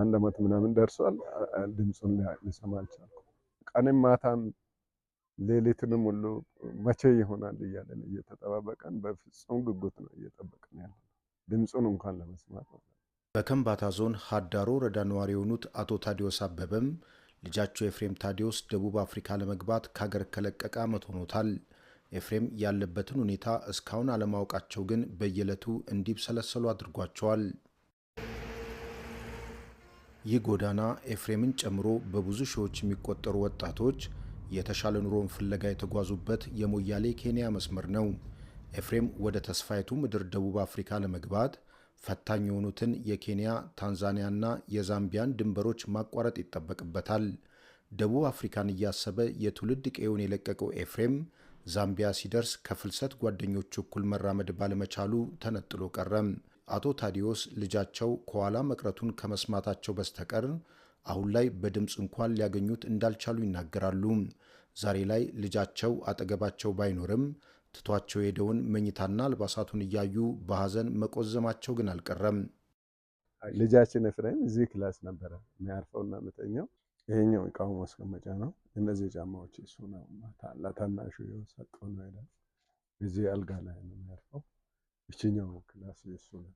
አንድ አመት ምናምን ደርሷል። ድምፁን ሊሰማ አልቻልኩም። ቀንም ማታም ሌሊትንም ሁሉ መቼ ይሆናል እያለን እየተጠባበቀን በፍጹም ጉጉት ነው እየጠበቅን ያለ ድምፁን እንኳን ለመስማት በከምባታ ዞን ሀዳሮ ወረዳ ነዋሪ የሆኑት አቶ ታዲዮስ አበበም ልጃቸው ኤፍሬም ታዲዮስ ደቡብ አፍሪካ ለመግባት ከሀገር ከለቀቀ አመት ሆኖታል። ኤፍሬም ያለበትን ሁኔታ እስካሁን አለማወቃቸው ግን በየዕለቱ እንዲብሰለሰሉ አድርጓቸዋል። ይህ ጎዳና ኤፍሬምን ጨምሮ በብዙ ሺዎች የሚቆጠሩ ወጣቶች የተሻለ ኑሮን ፍለጋ የተጓዙበት የሞያሌ ኬንያ መስመር ነው። ኤፍሬም ወደ ተስፋይቱ ምድር ደቡብ አፍሪካ ለመግባት ፈታኝ የሆኑትን የኬንያ ታንዛኒያና የዛምቢያን ድንበሮች ማቋረጥ ይጠበቅበታል። ደቡብ አፍሪካን እያሰበ የትውልድ ቀዬውን የለቀቀው ኤፍሬም ዛምቢያ ሲደርስ ከፍልሰት ጓደኞቹ እኩል መራመድ ባለመቻሉ ተነጥሎ ቀረም። አቶ ታዲዮስ ልጃቸው ከኋላ መቅረቱን ከመስማታቸው በስተቀር አሁን ላይ በድምፅ እንኳን ሊያገኙት እንዳልቻሉ ይናገራሉ። ዛሬ ላይ ልጃቸው አጠገባቸው ባይኖርም ትቷቸው የሄደውን መኝታና አልባሳቱን እያዩ በሐዘን መቆዘማቸው ግን አልቀረም። ልጃችን ፍሬም እዚህ ክላስ ነበረ የሚያርፈውና ምተኛው። ይሄኛው እቃው ማስቀመጫ ነው። እነዚህ ጫማዎች እሱ ነው ታናሹ የሰጠው ነው። እዚህ አልጋ ላይ ነው የሚያርፈው። ይችኛው ክላስ የሱ ነው።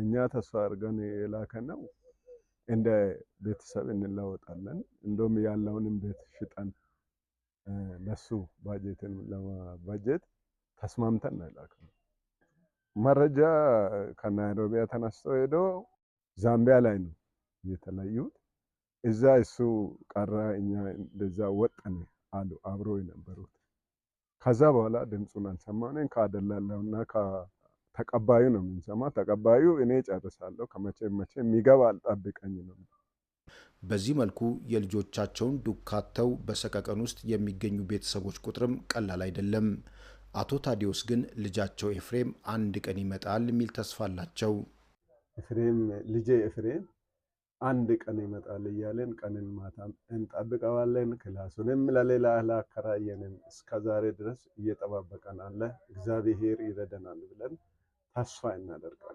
እኛ ተስፋ አድርገን የላከ ነው። እንደ ቤተሰብ እንለወጣለን። እንደውም ያለውንም ቤት ሽጠን ለሱ ባጀትን ለማባጀት ተስማምተን ነው የላከው። መረጃ ከናይሮቢያ ተነስቶ ሄዶ ዛምቢያ ላይ ነው የተለዩት። እዛ እሱ ቀራ፣ እኛ እንደዛ ወጠን አሉ አብሮ የነበሩት። ከዛ በኋላ ድምፁን አልሰማንን ከአደላለውና ተቀባዩ ነው የምንሰማ። ተቀባዩ እኔ ጨርሳለሁ ከመቼ መቼ የሚገባ አልጠብቀኝ ነው። በዚህ መልኩ የልጆቻቸውን ዱካተው በሰቀቀን ውስጥ የሚገኙ ቤተሰቦች ቁጥርም ቀላል አይደለም። አቶ ታዲዮስ ግን ልጃቸው ኤፍሬም አንድ ቀን ይመጣል የሚል ተስፋ አላቸው። ኤፍሬም ልጄ ኤፍሬም አንድ ቀን ይመጣል እያለን ቀንን ማታም እንጠብቀዋለን። ክላሱንም ለሌላ ላከራየንም እስከዛሬ ድረስ እየጠባበቀን አለ። እግዚአብሔር ይረደናል ብለን ተስፋ እናደርጋለን።